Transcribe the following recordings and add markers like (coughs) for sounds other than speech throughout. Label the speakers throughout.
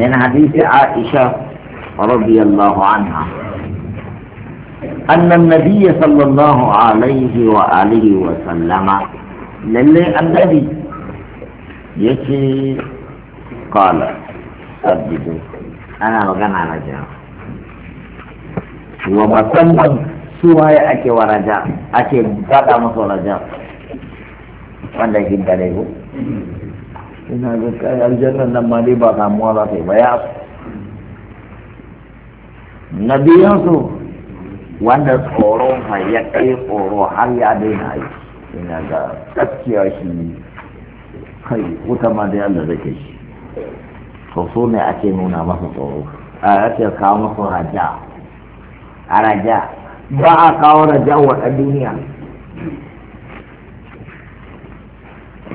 Speaker 1: من حديث عائشة رضي الله عنها أن النبي صلى الله عليه وآله وسلم للي النبي يكي قال سبدو أنا مغنى رجاء ومسمى سوى أكي ورجاء أكي بقى مصر رجاء وانا يجب عليه ina ga kai aljannan nan ma dai ba samuwa za ta yi ba ya na su wanda tsoro fa ya kai tsoro har ya daina aiki ina ga gaskiya shi kai wuta ma dai Allah zai kai shi to so ne ake nuna masa tsoro a ake kawo masa raja a raja ba a kawo raja wa duniya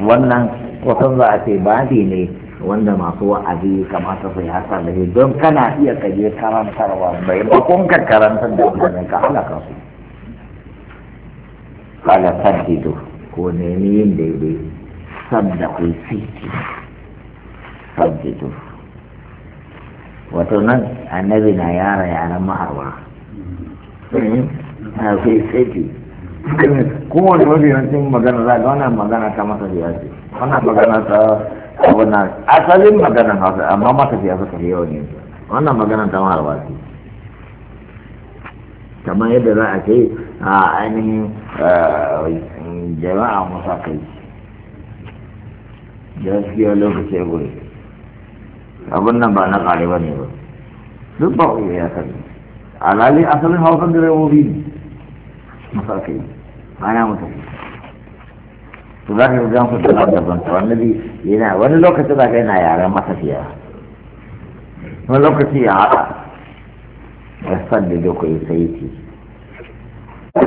Speaker 1: wannan wasan za a ce badi ne wanda masu wa'azi kamata su yi hasar da don kana iya kaje karantarwa bai bakon ka karantar da wani ka halaka su kala saddido ko nemi yin daidai sadda ku siti saddido wato nan annabi na yara yaran maharwa hmm, na kai siti kowane wajen yancin magana za ga wannan magana ta masa biyar. yaji wannan magana ta wannan asalin maganan hausa amma maka matafiya suka fi yau ne wannan magana ta maharba ce kamar yadda za a ce a ainihin jama'a musa kai gaskiyar lokaci ya goyi abin nan ba na ƙare ba ne ba duk ba ku ya sani alali asalin hausa direbobi ne musa kai ana mutafi to za ka gan su da daban wani bi yana wani lokaci za ka yana yaren matafiya wani lokaci ya haɗa da san da ku yi saiti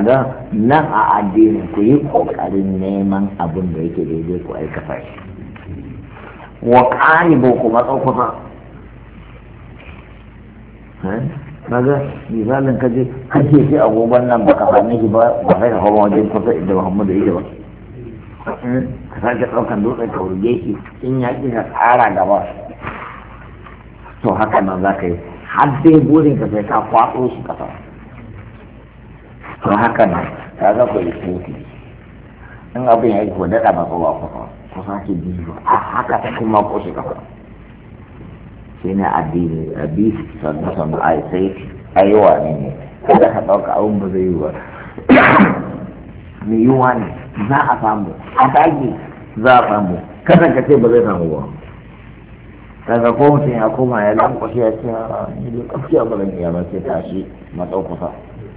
Speaker 1: don nan a addinin ku yi kokarin neman abin da yake daidai ku aikata shi wa ƙaribu kuma tsokuta eh? kaga misalin kaje kake shi agogon nan baka same shi ba ba sai ka hawa wajen kusa inda Muhammadu yake ba ka sake ɗaukan dutsen ka wurge shi in ya ƙi ka tsara gaba to haka nan za ka yi har dai burin ka sai ka kwaɗo shi ƙasa to haka nan ka za ku yi tsoki in abin ya yi ko daɗa ba kowa kusa ku sake biyu a haka ta kuma ko shi ƙasa shi ne addini a bi sannu sannu a yi sai a yi wa ne ne ka ɗauka abin ba zai yi wa (coughs) mai yiwuwa ne za a samu a dage za a samu kada ka ce ba zai samu ba daga ko mutum ya koma ya lankwashe ya ce a ah, yi kafiya ba zan iya ba sai tashi matsau kusa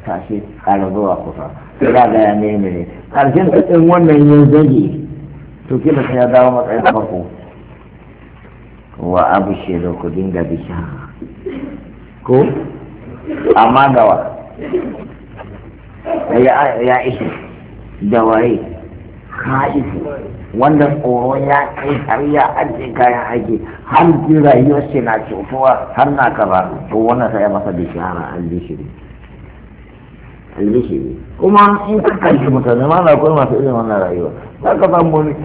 Speaker 1: tashi ƙara zuwa kusa sai da ne. ne ne ƙarshen ɗin wannan ya zage to kila sai ya dawo matsayin farko wa abu shaidu ku dinga bisha ko amma gawa ya ishe da waye haifu wanda tsoro ya kai har ya ajiye kayan aiki har ji rayuwar shi na cutuwa har na kaza to wannan sai masa bishara albishiri albishiri kuma in ka kalli mutane ma na kuma masu irin wannan rayuwa za ka samu wani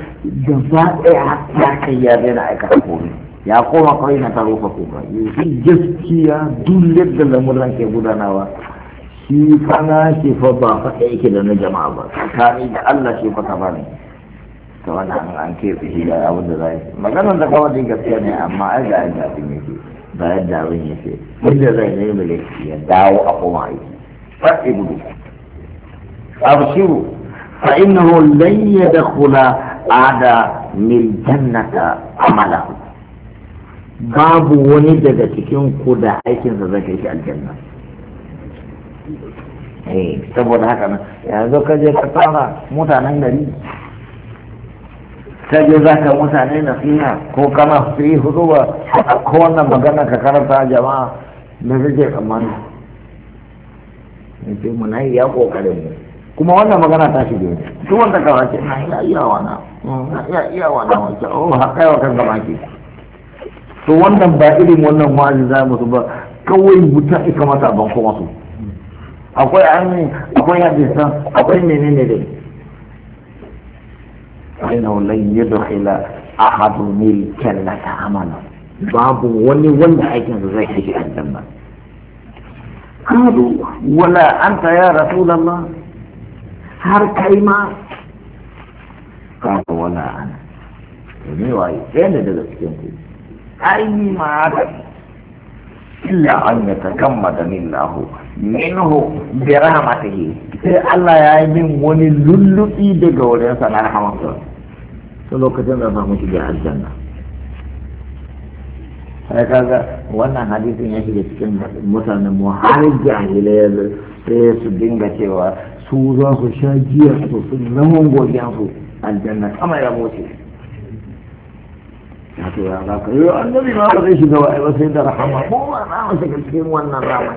Speaker 1: gaba ɗaya har ya kai ya daina aikata komai ya koma kawai na taro ka kuka yanzu gaskiya duk yadda lamuran ke gudanawa shi fana shi fa ba faɗa yake da na jama'a ba tsakani da Allah shi fa kafa ne ta wani hannun an keɓe shi da abin da zai maganar da kawai din gaskiya ne amma ai ga yadda abin yake ba yadda abin yake inda zai ne mu laifi ya dawo a koma aiki faɗi gudu abshiru fa innahu lan yadkhula ada min jannata amala babu wani daga cikin ku da aikinsa zai kai shi aljanna Eh, saboda haka nan yanzu ka je ka tsara mutanen gari ka je za ka mutane nasiha ko kana su yi ba ko wannan magana ka karanta jama'a Na suke tsammani ce mu na yi ya kokarin mu kuma wannan magana ta shige ne duk wanda ka wace na iya iya wana
Speaker 2: na iya iya wana
Speaker 1: wace oh kai yawa kan gaba ke to wannan ba irin wannan wa'azi za mu su ba kawai wuta ika mata ban kuma su akwai amin akwai hadisan akwai menene dai wallahi lan yudkhila ahadu mil jannata amana babu wani wanda aikin sa zai shiga aljanna قالوا ولا أنت يا رسول الله هر كلمة قال ولا أنا ميواي فين ده أي ما عدد إلا أن يتكمدني الله minhu bi rahmatihi sai Allah ya yi min wani lullubi daga wurin sa na rahmatsa to lokacin da samu shi ga aljanna sai kaga wannan hadisin ya shiga cikin mutanen mu har jahilai sai su dinga cewa su za su sha giya su su zaman gogiyan su aljanna kama ya moce ya ce ya za ka yi annabi ma ba zai shiga wa'ai ba sai da rahama ko ma na masa cikin wannan rahama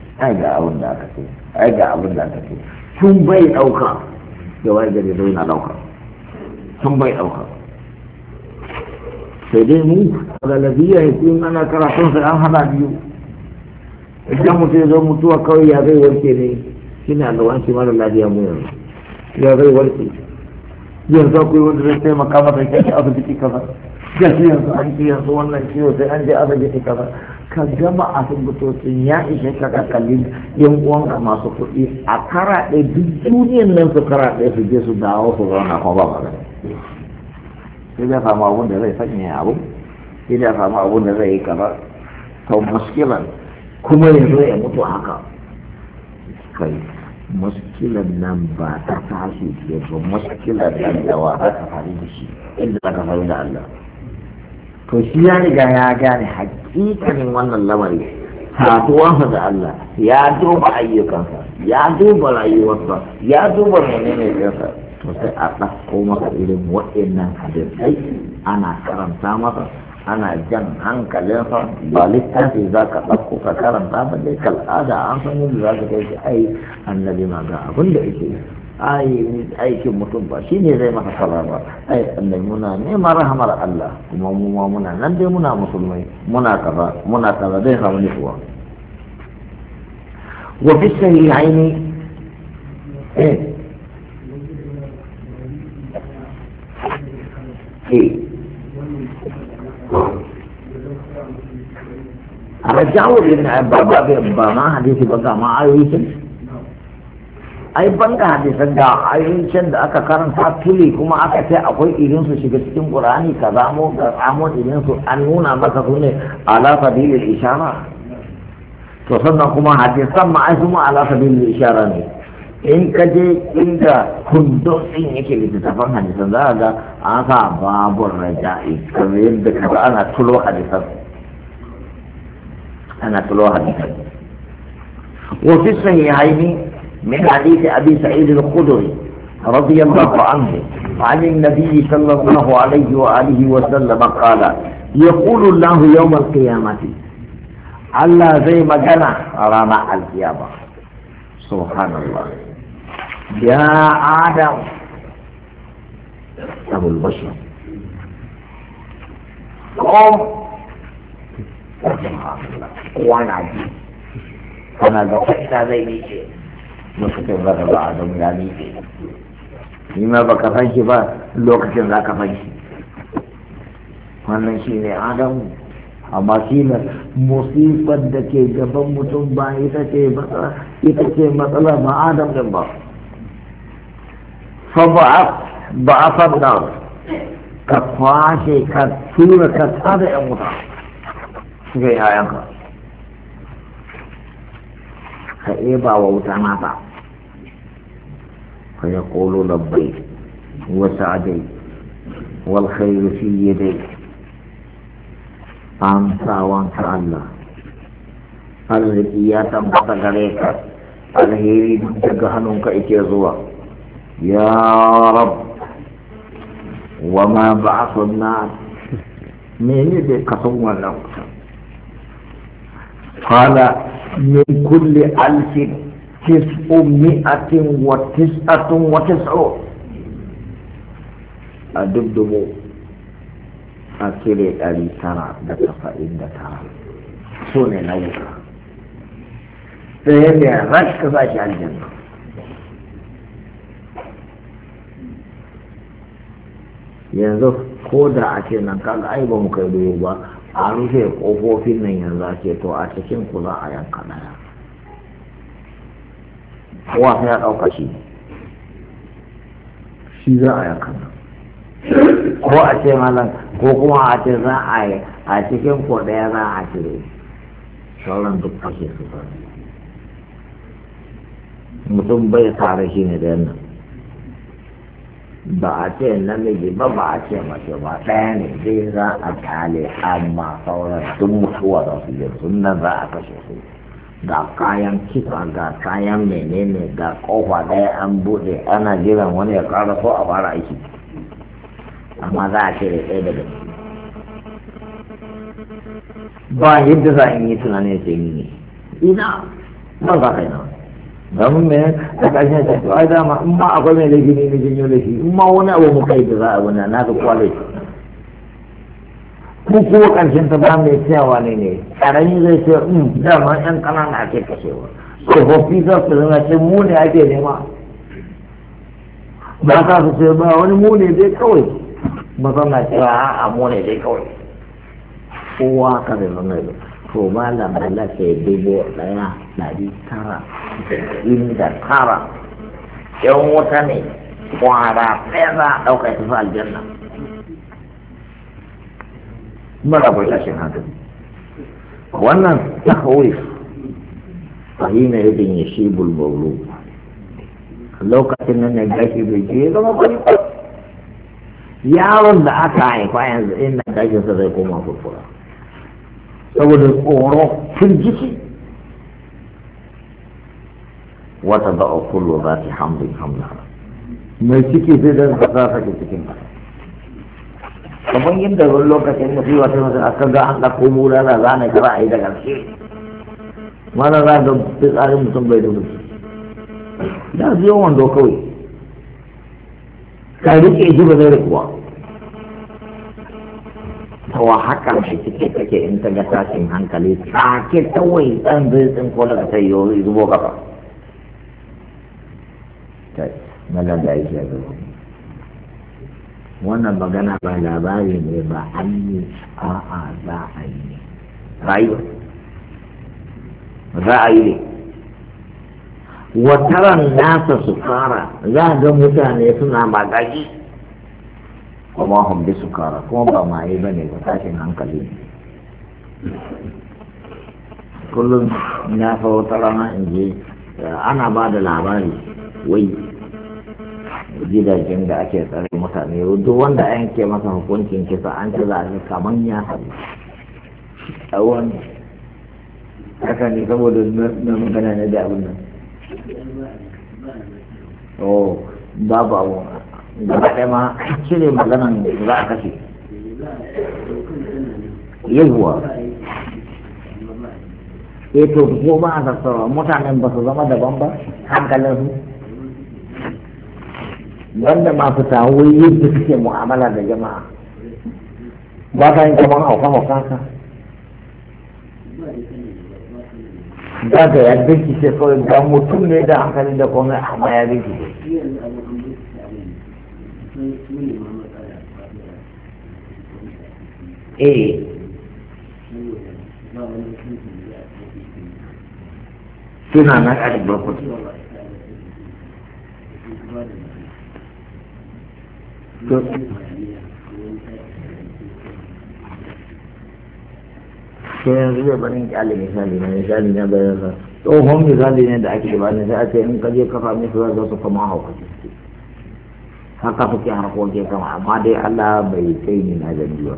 Speaker 1: ai ga abin da aka ce ai ga abin da aka ce tun bai ɗauka da wani gari zai na dauka tun bai ɗauka sai dai mu galabiyya ya ce ana karatun sai an hana biyu idan mutu ya zo mutuwa kawai ya zai warke ne shi ne allawan shi mara lafiya mu yanzu ya zai warke yanzu akwai wanda zai taimaka makamata ya kai asibiti kaza gashi yanzu an ce yanzu wannan ciwo sai an je asibiti kaza ka gama asibitocin ya ishe ka ka kalli yan ka masu kuɗi a kara ɗaya duk duniyan nan su kara ɗaya su je su dawo su zauna kuma ba ba sai zai samu abun da zai sanya abu sai samu abun da zai yi kaza to muskilan kuma yanzu ya mutu haka kai muskilan nan ba ta tashi ke ba muskilan nan da wa ta fari da shi inda ta fari da Allah to shi ya riga ya gane haƙi hakikanin wannan lamari satuwansa da Allah ya duba ayyukansa ya duba rayuwarsa ya duba menene ɗinsa to sai a ɗauko masa irin waɗannan hadisai ana karanta masa ana jan hankalinsa ba littafi za ka ɗauko ka karanta ba dai kal'ada an san yadda za ka kai shi ai annabi ma ga abin da yake Ayi aikin mutum ba shi ne zai masa sala ba ai annabi muna neman rahamar Allah kuma mu ma muna nan dai muna musulmai muna kaza muna kaza zai samu nutsuwa wa fi sahihaini eh رجعوا ابن عباس بما ba بقى ما عايزين ai banga hadisan da ayyukan da aka karanta fili kuma aka ce akwai irin su shiga cikin qur'ani ka zamo ka zamo irin su an nuna maka su ne ala sabilil ishara to sannan kuma hadisan ma ai kuma ala sabilil ishara ne in ka je inda kundin yake littattafan hadisan za ga an sa babun raja'i kamar yadda kaga ana tulo hadisan ana tulo hadisan sun yi sahihaini من حديث أبي سعيد الخدري رضي الله عنه عن النبي صلى الله عليه وآله وسلم قال يقول الله يوم القيامة الله زي ما جنى رانا القيامة سبحان الله يا آدم أبو البشر قم وانا عجيب انا لو زي ميشيل lokacin za ka ba a don ya ni ma ba ka shi ba lokacin za ka san wannan shi ne adamu amma shi ne musifar da ke gaban mutum ba ita ce ita ce matsala ba adam din ba fa ba a fadda ka kwashe ka tura ka tada yan wuta suka yi hayanka ka eba wa wuta mata fa ya ƙolo labbai wata adai wal khairu fi yadai amsawan ka Allah arziki ya tabbata gare ka alheri daga hannunka ike zuwa ya rab wa ma Me nar mene da kasan wannan qala من كل ألف تسعمائة وتسعة وتسعون أدبدبوا أكلي ألي ترى دقفة إن ترى سنة نوكا فهي رشك فاشي الجنة yanzu ko da a ce nan kaga ai ba mu kai doyo ba a rufe ƙofofin nan yanzu ake to a cikin kula a yanka daya kowa sai ya ɗauka shi shi za a yanka ko a ce malam ko kuma a ce za a yi a cikin ko ɗaya za a cire sauran duk ake su mutum bai tare shi ne da yannan ba a ce namiji ba ba a ce mace ba ɗaya ne zai za a kale amma sauran sun mutuwa za su je sun za a kashe su ga kayan kifa ga kayan menene ga kofa ɗaya an buɗe ana jiran wani ya ƙara so a fara aiki amma za a cire ɗaya daga ba yadda za a yi tunanin sai ne ina ba za ka yi nawa don me a ƙarshen sai to ai dama in ma akwai mai laifi ne na janyo laifi in ma wani abu muka yi da za a wani na ga kwa laifi ko kuma ƙarshen ta ba mai cewa ne ne ƙarami zai ce in hmm, dama ƴan ƙanana ake kashewa tsofaffi za su zama ce mu ne ake nema ba za su ce ba wani mu ne dai kawai ba zama cewa a mu ne dai kawai kowa ka zai zama ne to malam Allah ke dubo ɗaya ɗari tara da tara yan wuta ne kwara ɗaya za a ɗauka ta fi aljanna mara bai tashin hankali wannan ta hauri. fahimta yadda ya shi bulbulu lokacin nan ne gashi bai je zama kwari yaron da aka haifa yanzu inda gashinsa zai koma furfura يقول الأوروح في الجسم وتبقى كل ذات حمد حمدها ما يسكي في ذلك الحساسة كتكين فمن يمتى يقول لك كأن في وسيلة مثلا أكل دا عندك قمولة لا لانا كرا عيدا كان شيء ما لا لانا بس آخر مسلم بيدو بس لا زيوان دو كوي كاريك يجيب ذلك واقع ta wa haka mai cike take in ta ga tashin hankali take ta wai dan zai tsin ko daga ta yi zubo gaba malam da yake zubo wannan magana ba labari ne ba an yi a'a za a yi ne rayuwa za a yi ne wataran nasa su fara za a ga mutane suna magaji. kuma hum bi sukara kuma ba maye ne ba tashin hankali kullum na fa wata rana in je ana ba da labari wai gidajen da ake tsare mutane duk wanda an ke masa hukuncin kisa an ci za a kaman ya sami tsawon haka ne saboda na magana na da abin nan oh babu abu gaba ɗaya ma cire maganan za a kashe yawwa eh to ko ba a sassawa mutanen ba su zama daban ba hankalin su banda masu tawoyi yadda suke mu'amala da jama'a ba ka yin kamar hauka hauka ka
Speaker 2: ba ka yadda ki ce kawai ga mutum
Speaker 1: ne da hankalin da komai amma ya rikice eh suna sai yanzu zai kyale misali na misali na bayan sa tsohon misali ne da ake ba sai a ce in kaje kafa mai su za su kama haka suke harkokin sama amma dai Allah bai sai ni na gani ba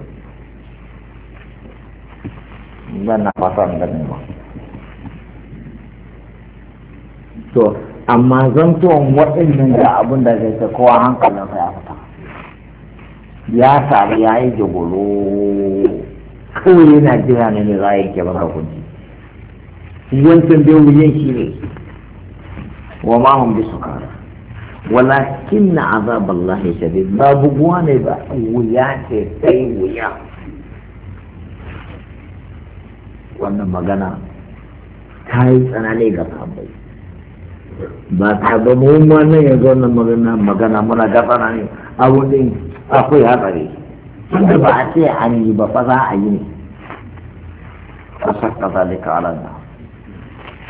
Speaker 1: zan na fasa da ni ba to amma zan tuwon waɗannan da abin da zai ta kowa hankalin ya fita ya sami ya yi jagoro kawai yana jira ne ne za a yanke maka kunci wancan bai wuyan shi ne wa bi su kara walakin na azab Allah shadid ba buguwa ne ba wuya ce sai wuya wannan magana ta yi tsanani ga sahabbai ba ta ga mu ma nan yanzu wannan magana magana muna ga tsanani A din akwai hatsari tunda ba a ce an yi ba fa za a yi ne a sakka zalika ala na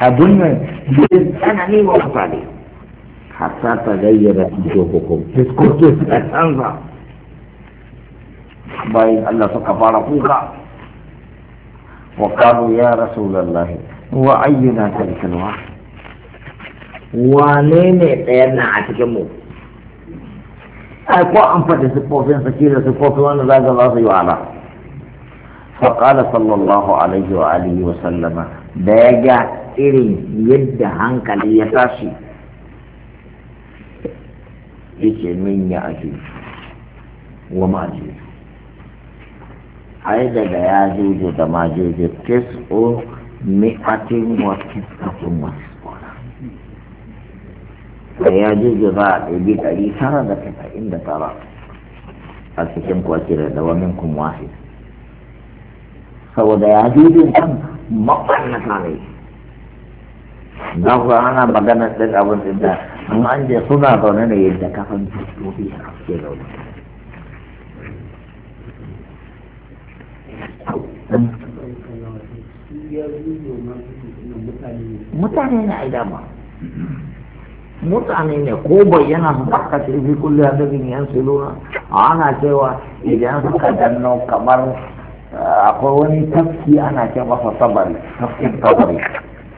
Speaker 1: abun nan bai tsanani wa mutane hatta ta gayyara jihohukum fiskokin suka canza bayan Allah suka fara kuka wa qalu ya rasulullah wa ayyuna tarkalwa wane ne ɗayan na a cikin mu ai ko an faɗi siffofin sa kila siffofi wanda za ga za su yi wahala faƙala sallallahu alaihi wa alihi wa sallama da ya ga irin yadda hankali ya tashi yake min ya ake wa maje ai daga ya jojo da kes majojo tis'o mi'atin wa tis'atun wa da ya jojo ba a ɗaiɗi ɗari tara da tasa'in da tara a cikin kwakira da wani wahi saboda ya jojo kan na ne za ku ana magana ɗin abin da amma an suna zaune da yadda kafin a ke zaune mutane ne a dama mutane ne ko bayyana su baka ce fi kulle da yan siluna ana cewa idan suka danno kamar eh, akwai wani tafki ana ce masa sabari tafkin sabari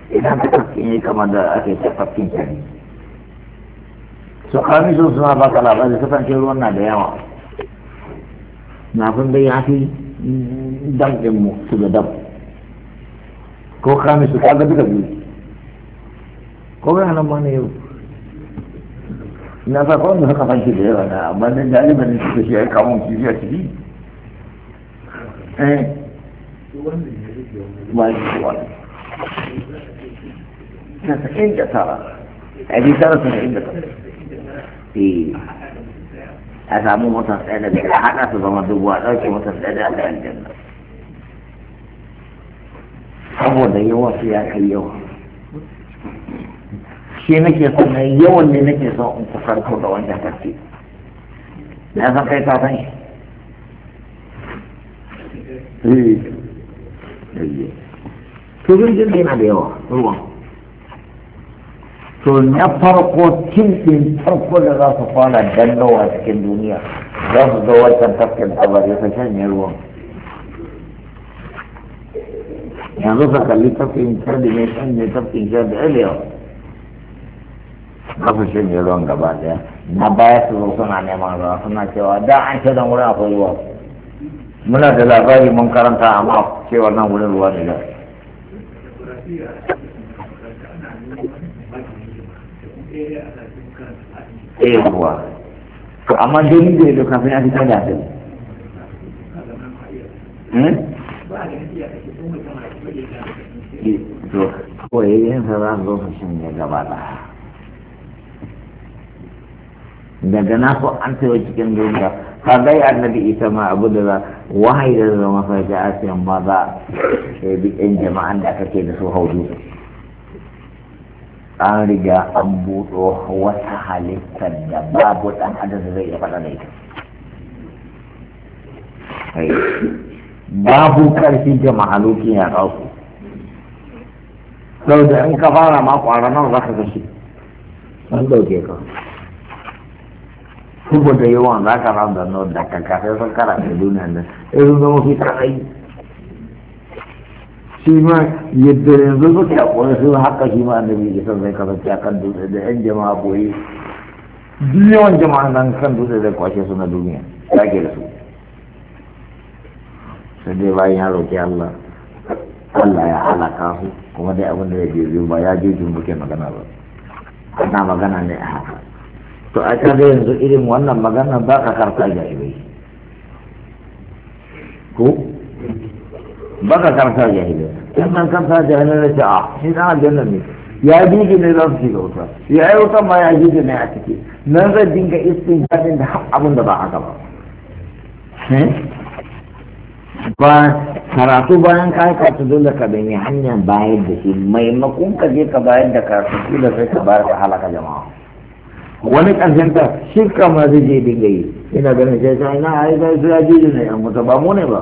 Speaker 1: idan tafkin ne kamar da ake ce tafkin shari'a su sun suna baka labari kasance ruwan na da yawa na fi dai ya fi dam ɗin mu su da dam ko kamishin su kaga duka biyu ko bai hannun ma ne yau na sa kawai da suka fanki da yawa na amma da galiban ne suka shi ya kawo kifi a ciki
Speaker 2: eh ba shi wani
Speaker 1: na sa'in da tara a bi tara sa'in da tara Eh, a samu motar tsaye da daga haɗa su zama dubu a ɗauke motar tsaye da aka aljanna saboda yawa su ya kai yawa shi nake son na yawan ne nake son in kusanto da wancan kai to na farko tilfin farko da za su fara dandawa cikin duniya za su zo wancan tafkin tabari su shanye ruwan yanzu ka kalli tafkin shadi mai shanye tafkin da aliyawa za su shanye ruwan gaba daya na baya su zo suna neman ruwa suna cewa da an ce don wurin akwai ruwa muna da labari mun karanta amma cewa nan wurin ruwa ne da
Speaker 2: Eh, hmm?
Speaker 1: eh to amma dole da yadda kafin a fitar da asali to kawai yin sa za su zo shanye gaba da daga na ko an tawo cikin duniya ka gai annabi ita ma abu da za wahayi da zama farka asiyan ma za a bi yan jama'an da kake da su haudu an riga an buɗo wata halittar da babu ɗan adam da zai iya faɗa da ita babu ƙarfi da mahaluki ya ɗauku sau da in ka fara ma ƙwaranar za ka gashi an ɗauke ka saboda yawan za ka ran da nan da kanka sai sun kara da duniya nan sai sun zama fitar aiki shi ma yadda yanzu suke a su haka shi ma annabi isa zai kasance a kan dutse da yan jama'a boye duk yawan jama'a nan kan dutse zai kwashe su na duniya ya ke da su sai dai bayan ya roƙi allah allah ya halaka su kuma dai abin da ya je biyu ba ya je jumbuke magana ba ana magana ne a haka to a kan yanzu irin wannan magana ba ka karta jarirai ko Ah, ba ka karanta jahiliya in an karanta jahiliya da ce a shi na aljanna ne ya gidi ne za su shiga wuta ya yi wuta ma ya gidi ne a ciki nan zai dinga istin jadin da abin da ba a gaba ba karatu bayan ka karatu dole ka bin hanyar bayar da shi maimakon ka je ka bayar da karatu da sai ka bayar da halaka jama'a wani ƙarshen ta shi kama zai je dinga yi ina ganin sai sai na ai su ya gidi ne a mutu ba mu ne ba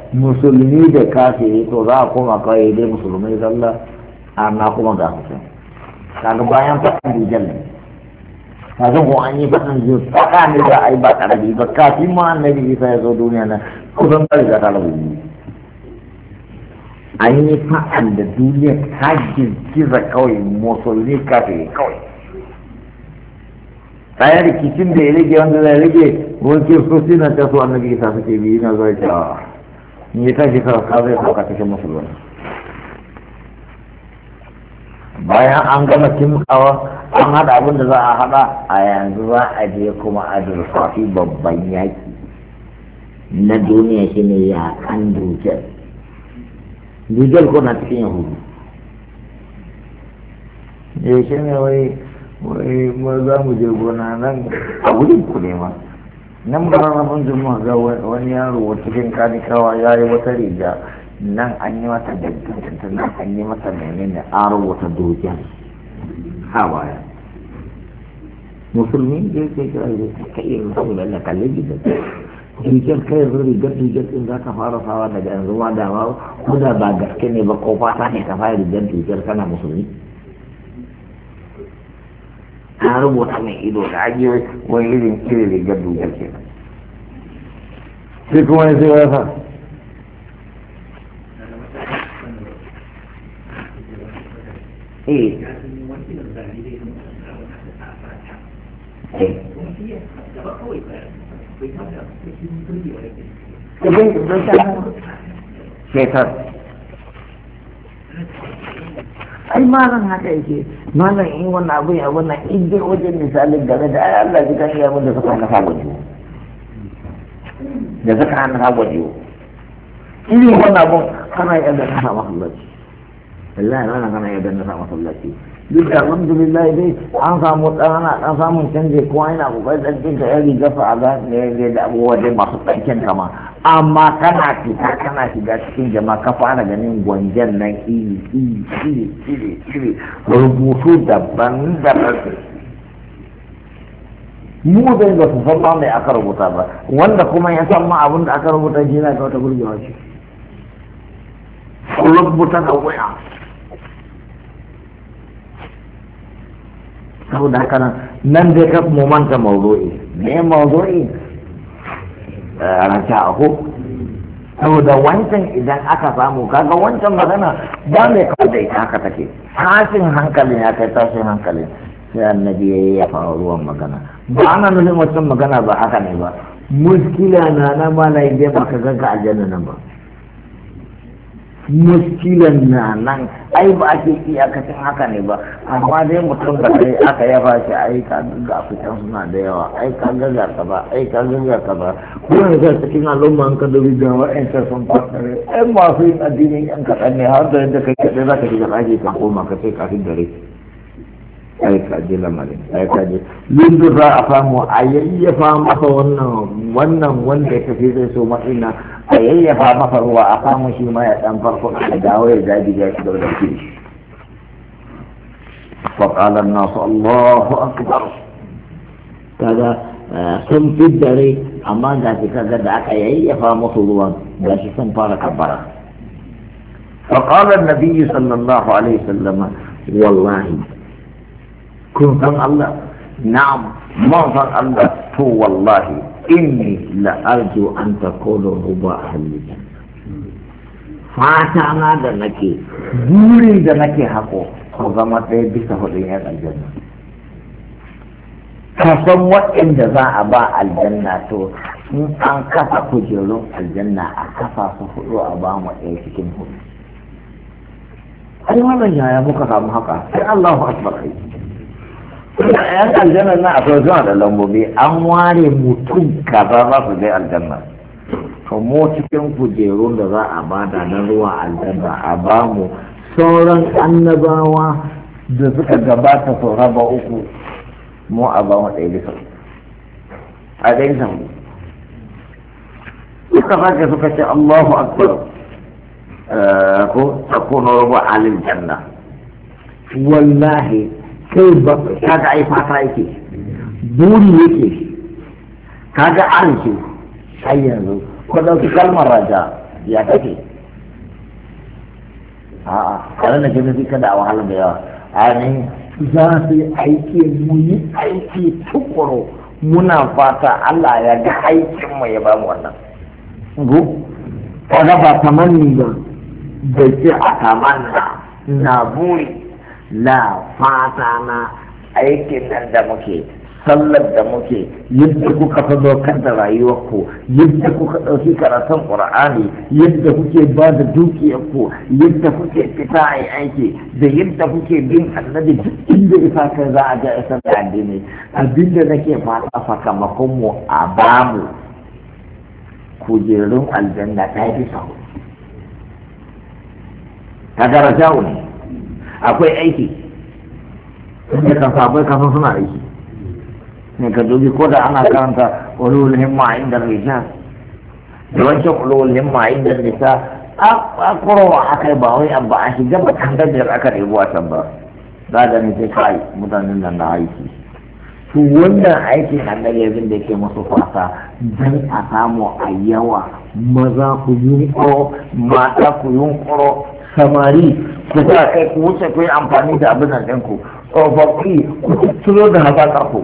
Speaker 1: musulmi da kafiri to za a koma kawai dai musulmi zalla amma kuma ga hussein kaga bayan faɗin rijal ne ka zan ko an yi faɗin zuwa faɗa ne za a yi ba ƙarfi ba kafin ma annabi isa ya zo duniya na kusan ba riga ta rabu an yi faɗan da duniya ta girgiza kawai musulmi kafiri kawai bayan rikicin da ya rage wanda zai rage wani kiristoci na taso na isa suke biyu na zai cewa ah. in yi tashi sauka zai sauka cikin musulmai bayan an gama kimkawa an hada abin da za a hada a yanzu za a je kuma a durfafi babban yaki na duniya shi ne yaƙan dujal dujal ko na cikin yahudu ya eh, shi ne wai za mu je gona nan a wurin ku ne ma nan ba na mun juma ga wani yaro cikin kanikawa ya yi wata riga nan an yi mata dangantanta nan an yi mata menene an rubuta dogen ha baya musulmi da yake kira da kai iya sun da Allah kalle gidan rigar kai yanzu rigar rigar din za ka fara sawa daga yanzu ma dama ko da ba gaske ne ba ko fata ne ka fara rigar rigar kana musulmi ta rubuta mai ido da ajiye wani irin cire rigar dujal ke sai kuma ya sai wasa eh, eh. ai malam haka yake malam in wannan abu ya wannan in dai wajen misalin game da ai Allah ji kan iya mun da suka hana waje da suka hana waje irin wannan abun kana iya da kasa mahallaci wallahi rana kana iya da kasa mahallaci duk da alhamdulillah dai an samu ɗana an samun canje kuma yana kokarin ɗan ɗinka yan gafa fa a ga da abubuwa dai masu ɗanken kama amma kana fita kana shiga cikin jama'a ka fara ganin gwanjan nan iri iri iri iri iri rubutu daban daban mu zai ga su san mai aka rubuta ba wanda kuma ya san ma abin da aka rubuta jina ga wata gurgewa ce
Speaker 2: rubuta ka wuya
Speaker 1: saboda haka nan zai ka mu manta mawdu'i me mawdu'i ranta ko saboda wancan idan aka samu kaga wancan magana ba mai kawai da ita haka take tashin hankalin ya kai tashin hankalin sai annabi ya yi ya faru ruwan magana ba ana nufin wancan magana ba haka ne ba muskila na na malayin dai ba ka ganka aljanna nan ba muskilan na nan ai ba ake iyakacin haka ne ba amma dai mutum da kai aka yaba shi ai ka ga fitan suna da yawa ai ka ga ka ba ai ka ga ka ba ko yanzu cikin al'umma an ka dubi ɗan wa'ancan sun fasare ai su yin addinin yan kaɗan ne har da yadda kai kaɗai za ka shiga ɗaki ka koma ka sai kafin dare ai ka je lamarin ai ka je yanzu za a samu a yayyafa masa wannan wannan wanda ya tafi zai so matsina أي أي فامخر وأقاموا شيء ما يتنفرقوا الدعوة يزادي جاش دولة كيف فقال الناس الله أكبر كذا آه، سم في الدري أما ذاتي كذا دعك أي أي فامخر وأقاموا شيء ما يتنفرقوا فقال النبي صلى الله عليه وسلم والله كنت الله نعم ما الله هو والله inni la'arju an takuna ruba a fata na da nake burin da nake hako ko zama ɗaya bisa hudun yan aljanna ka san waɗanda za a ba aljanna to in an kafa kujerun aljanna a kafa su hudu a ba mu ɗaya cikin hudu ai wannan yaya muka samu haka sai Allahu akbar ai kuma ɗayan aljanna na akwai suna da lambobi an ware mutum kaza za su je aljanna to mu cikin kujerun da za a bada na ruwa aljanna a ba mu sauran annabawa da suka gabata su raba uku mu a ba mu ɗaya bisa a ɗayan samu suka sake suka ce Allahu akbar eh, ko takunu ruwa aljanna wallahi kai ba ga ai fata yake buri yake kaga an ke. sai yanzu ko su kalmar raja ya take a'a kare na gina fi kada a wahalar da yawa a ne za su yi aiki mu yi aiki tukuru muna fata Allah ya ga aikin mu ya ba mu wannan go kada ba tamanni ba da ke a tamanna na buri Na fata na aikin nan da muke sallar da muke yadda kuka fi dokar da rayuwarku yadda kuka ɗauki karatun ƙur'ani yadda kuke ba da dukiyarku yadda kuke fita a aiki da yadda kuke bin annabi duk inda isa kai za a ga isar da addini abinda nake fata sakamakon mu a bamu kujerun aljanna ta fi sau ta gara ne akwai aiki inda kan sabai kasan suna aiki ne ka dubi ko da ana karanta ulul himma inda rija da wancan ulul himma inda rija a kurowa akai ba wai abba a shiga ba kan da aka rebu a can ba za da ni sai kai mutanen nan na aiki to wannan aiki aikin annabi abin da ke musu fasa dan a samu a yawa maza ku yunkuro mata ku yunkuro samari ku sa kai ku wuce ku yi amfani da abin nan ɗinku tsofaffi ku tulo da hazaƙa ku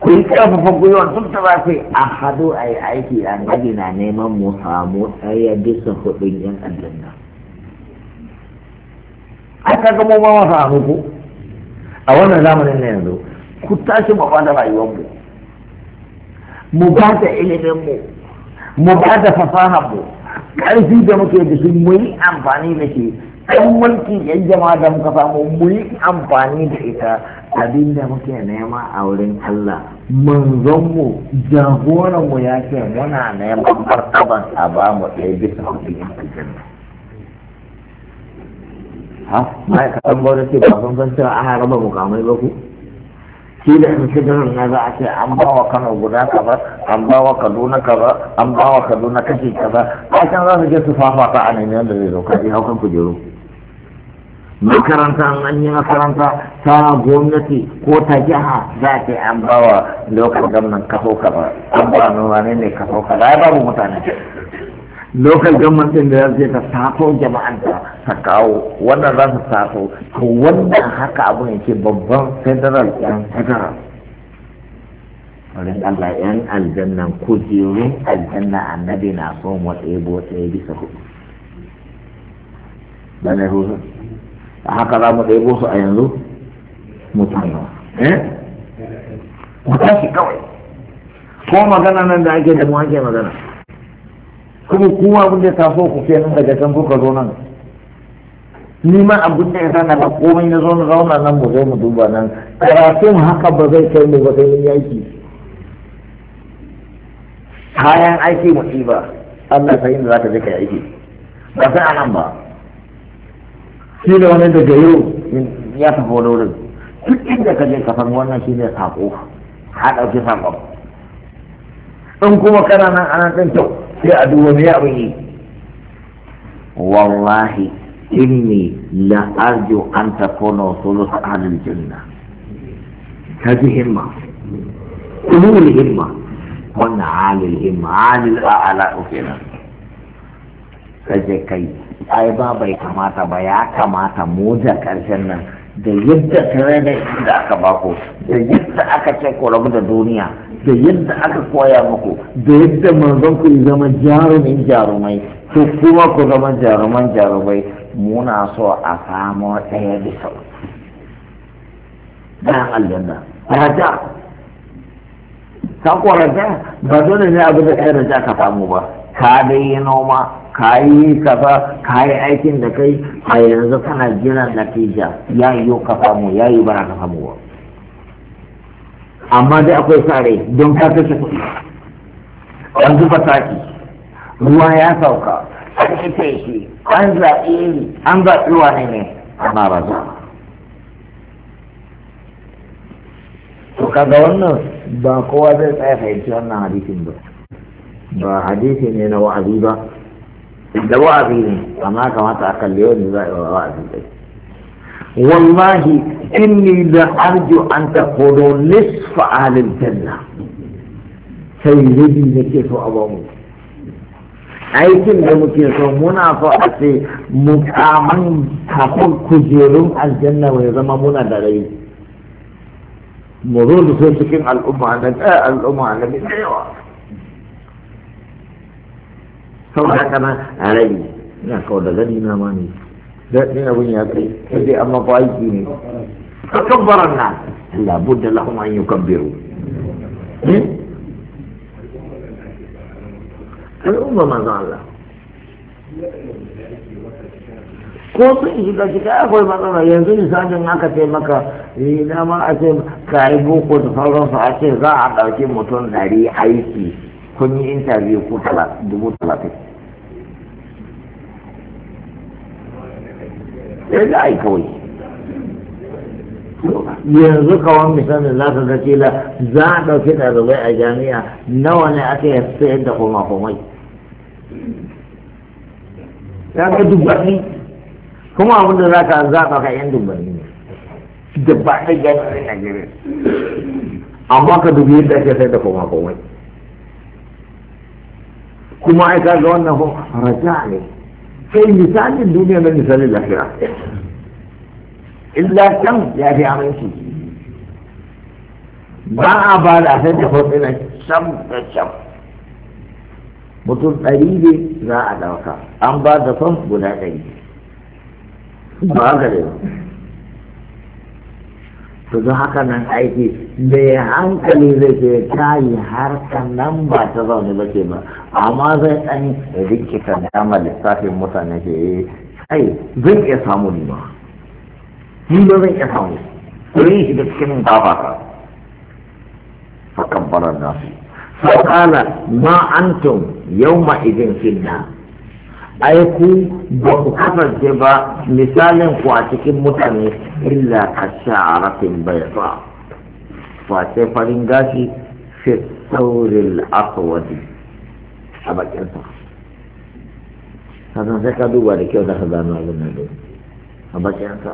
Speaker 1: ku yi ƙarfafa gwiwa duk da ba sai a hado a yi aiki a nage na neman mu samu ɗaya bisa kuɗin yan aljanna a ka ga mu ba mu samu ku a wannan zamanin na yanzu ku tashi mu bada rayuwarmu mu ba da ilimin mu mu ba da fasahar mu ƙarfi da muke da shi mu yi amfani da shi ɗan mulki yan jama'a da muka samu mu yi amfani da ita abin da muke nema a wurin Allah manzonmu mu ya ce muna neman martaban a ba mu ɗaya bisa kuɗi yin aljanna ha ma'aikatan gwamnati ba sun san cewa an haraba mukamai ba ku shi da in shigarin na za a ce an ba wa kano guda kaza an ba wa kaduna kaza an ba wa kaduna kashi kaza a can za su je su fafata a nemi yadda zai zo kaɗi haukan kujeru makaranta an yi makaranta ta gwamnati ko ta jiha za ce an ba wa lokacin gamnan kaso kaza an ba nuna ne ne kaso kaza ya babu mutane lokal government din da za su ta sako jama'anta ta kawo wannan za su safo to wannan haka abu ne ke babban federal yan federal wurin Allah yan aljannan kujerun aljanna annabi na son wa ɗebo bisa hudu ba ne hudu a haka za mu ɗebo su a yanzu mutane
Speaker 2: eh ku kawai
Speaker 1: ko magana nan da ake da mu ake magana kuma kuma abin da taso ku ke nan daga can kuka zo nan ni ma abin da ya sana ba komai na zo na zauna nan mu zo mu duba nan karatun haka ba zai kai mu ba sai mun yaki kayan aiki ba Allah sai inda zaka je kai aiki ba sai nan ba shi da wani daga yau ya tafi wani wurin duk inda ka je ka san wannan shi ne sako ha ɗauki sakon in kuma kana nan ana ɗin kyau sai a duba me abin yi wallahi inni la arju an takuna thuluth ahlil janna kaji himma ulul himma wannan alil himma alil a'la kenan kaje kai ai ba bai kamata ba ya kamata mu da karshen nan da yadda tare da inda aka bako da yadda aka ce ko rabu da duniya da yadda aka koya muku da yadda manzon ku zama jarumin jarumai to kuma ku zama jaruman jarumai muna so a samo ɗaya da sau bayan aljanna raja ka ko raja ba dole ne abu da ɗaya raja ka samu ba ka dai yi noma ka yi kasa, ka yi aikin da kai a yanzu kana jiran natija ya yi ka samu ya yi ba ka samu ba amma dai akwai sare don ka kashe kuɗi an zuba taki ruwa ya sauka an kashe shi an zaɓi an zaɓi wa ne ana raza to kaga wannan ba kowa zai tsaya fahimci wannan hadisin ba ba hadisi ne na wa'azi ba da wa'azi ne amma kamata a kalli yau ne za a yi wa'azi ɗaya wallahi inni la arju an taqulu nisfa ahlil janna sai rabi ke so a bamu aikin da muke so muna so a ce mukaman kafin kujerun aljanna mai zama muna da rai mu zo da sai cikin al'umma na ɗaya eh, al'umma da da yawa da kana a rai ina kawo da gani na ma ne لكن أبو ya kai أما dai فكبر الناس aiki بد لهم أن يكبروا الأمة ما زال yi kabbiru al'umma manzon Allah ko sun shiga shiga akwai matsala yanzu misalin aka ce maka na ma a ce ka yi boko da sauransu a ce za a ɗauki mutum ɗari aiki kun yi intabiyu ko dubu talatin sai da ai kawai yanzu kawan misalin za ta ga kila za a ɗauke ɗalibai a jami'a nawa ne aka sayar da kuma komai ya ga dubbanni kuma abin da za ka za ka yan dubbanni ne dubbanni ganin Najeriya amma ka dubi yadda ake sayar da kuma komai kuma ai ka ga wannan raja ne sai misalin duniya na misalin lafiya illa can ya fi aminci ba a ba da sai da farko na can da can mutum ɗari ne za a ɗauka an ba da fam guda ɗari ba haka ne to don haka nan aiki bai hankali zai ce ta yi harkar nan ba ta zaune ba ce ba amma zai ɗan rikita dama lissafin mutane ke yi ai zai iya samu ni ba ni ba zai iya samu sai shi shiga cikin gafa fa kabbara nasu sau qala ma antum ma idin fil nar aiku ku ba ku kasance ba misalin ku a cikin mutane illa ka sha'arafin bai ba face farin gashi fi saurin aswadi a bakinsa sannan sai ka duba da kyau da ka gano abin nan da a bakinsa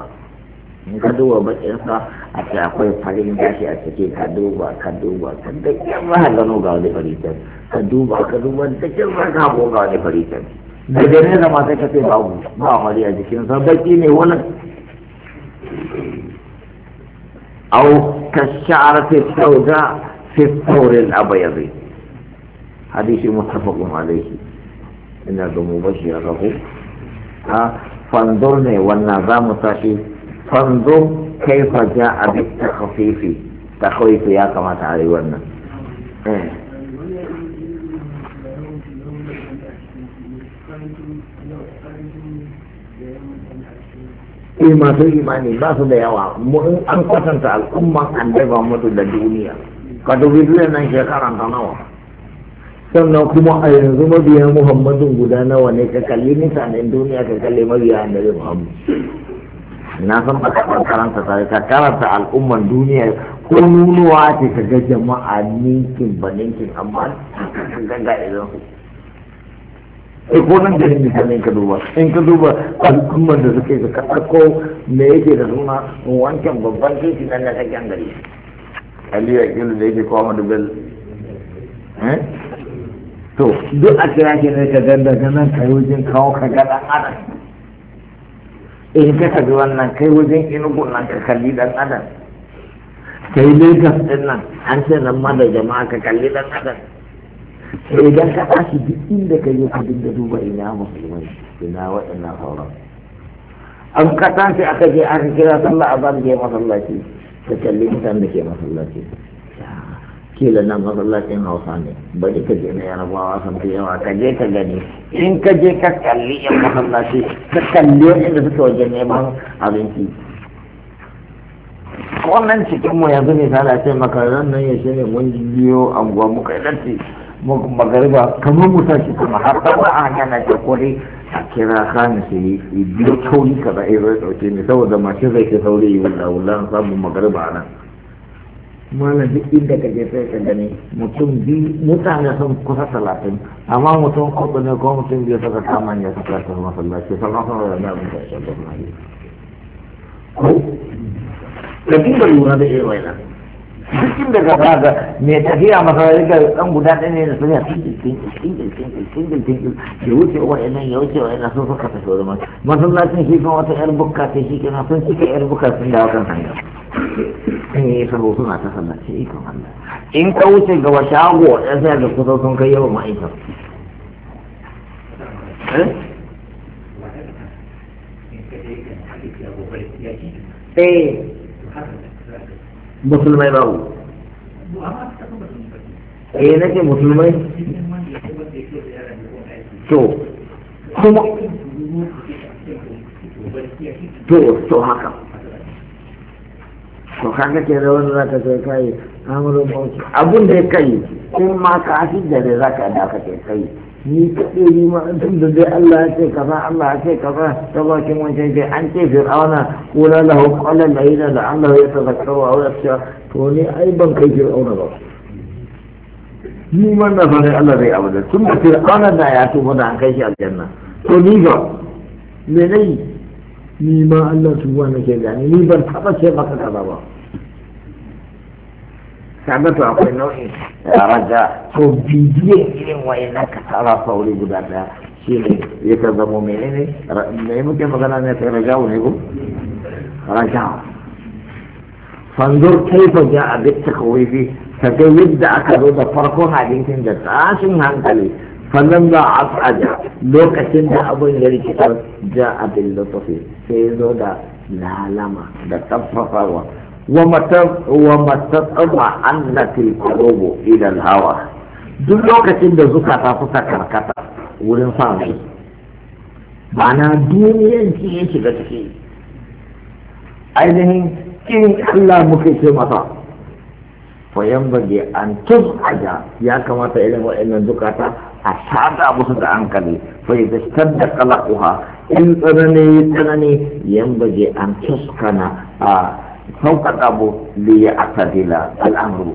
Speaker 1: in ka duba bakinsa a ce akwai farin gashi a ciki ka duba ka duba ka da kyan ba gano ga wani faritan ka duba ka duba da kyan ba ka ga wani faritan daga ne zama sai ka ce babu ba hori a jikin jikinsa baki ne wani au ka sha'ar fi sauda fi saurin abayari hadisi mutafakun alaihi ina da mu bashi ya rahu a fanzur ne wannan za mu tashi fanzur kaifa ja'a bi takhfifi takhfifi ya kamata a yi wannan eh. eh masu imani ba su da yawa mun an kwatanta al'umman annabi mutu da duniya ka dubi duniya nan shekaran ta nawa sannan kuma a yanzu mabiya muhammadun guda nawa ne ka kalli mutanen duniya ka kalli mabiya annabi muhammadu na san ba ka karanta tare ka karanta al'umman duniya ko nunuwa ce ka ga jama'a ninkin ba ninkin amma ka ga idan su sai eh, ko nan da misali in ka duba in ka duba al'ummar da suke da kasar ko me yake da suna wancan babban titi nan na tsakiyar gari aliyu akilu da yake kawo da bel eh? to duk a kira ke ne ka ganda nan kai wajen kawo ka gada adam in ka kaji wannan kai wajen inugu nan ka kalli dan adam kai lagos din nan an ce nan ma da jama'a ka kalli dan adam
Speaker 2: idan ka tashi
Speaker 1: duk inda ka yi ka dinga duba ina musulmai ina waɗannan sauran an katan sai aka je aka kira sallah a zan je masallaci ka kalli mutan da ke masallaci kila nan masallacin hausa ne bari ka je na yarabawa san ta yawa ka je ka gani in ka je ka kalli yan masallaci ka kalli inda suke wajen neman abinci wannan cikin mu yanzu misali a ce maka nan ya shi ne mun biyo anguwa muka yi magariba kamar mutum shi kuma har ɗaura a yana da kwarai a kira kani su yi biyu tauri kaza ya eh, zai ɗauke ne saboda mashin zai ke sauri yi wula wula an samu magariba a nan malam duk inda ka je sai ka gani mutum biyu mutane sun kusa talatin amma mutum kuɗi ne ko mutum biyu saka kama ya suka ta masallaci sannan sun rana abin da ya shaɗa ko ka dinga lura da irin wannan cikin daga ka fara mai tafiya masa riga dan guda ɗaya ne da su ya tingil tingil ya wuce wa ina ya wuce wa ina sun suka tafi masu lafin shi kan wata yar bukka ta shi kenan sun cika yar bukka sun dawo kan hanya in eh, yi sabo suna ta sallace ikon hannu in ka wuce ga wa shago ya sai da kusa sun kai yawan ma'aikata Eh. eh. musulmai babu eh nake musulmai to
Speaker 2: kuma to to
Speaker 1: haka to kaga ke da wanda zaka ce kai amuru bauchi abun da kai kun ma ka shi da zaka da ka ce kai يكتب ما أنتم تدعي الله كفى الله كفى الله كما تدعي عن فرعون قول له قال العين لعله يتذكر أو يخشى فهني أيضا كيف يرعون الله مما نفعني الله في أبدا ثم فرعون دعا يعتوب عن كيف الجنة فنيفا من أي مما الله سبحانه كيف يعني مما تحبك كيف تتذكر kaga to akwai nau'in daraja to bidiyon irin wayannan ka tsara sauri guda daya shi ne ya ka zamo menene me muke magana ne sai rajawu ne ko rajawu fanzur kaifa ja'a a takwifi ka ka ga yadda aka zo da farko hadisin da tashin hankali sannan za a asaja lokacin da abin ya rikitar a bil lutfi sai zo da lalama da tafafawa Wa وما an na القلوب idan hawa, duk lokacin da zukata kusa karkata wurin sa mai Bana ki ya shiga ciki ainihin in Allah muka ce masa yan bage an tun aja ya kamata irin wa'annan zukata a sada musu da hankali fai da kala kalakuha in tsanani tsanani yan bage an tuskana a sauƙaƙa abu da ya asadila al'amuru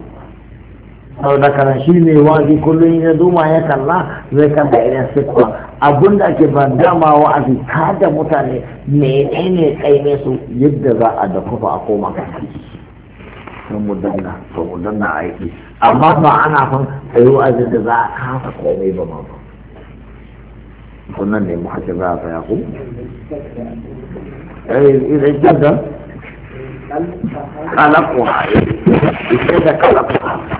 Speaker 1: sau da kanan shi ne wazi kullum ya duma ya kalla zai kalla irin sikwa abun da ake ban dama wa a kada mutane menene ne su yadda za a dakufa a koma kan sun mu danna sun mu danna aiki amma ba ana fan ayi a da za a kasa komai ba ma ba wannan ne mu haka za a tsaya ku eh idan
Speaker 2: خلقها إيه إيه كده خلقها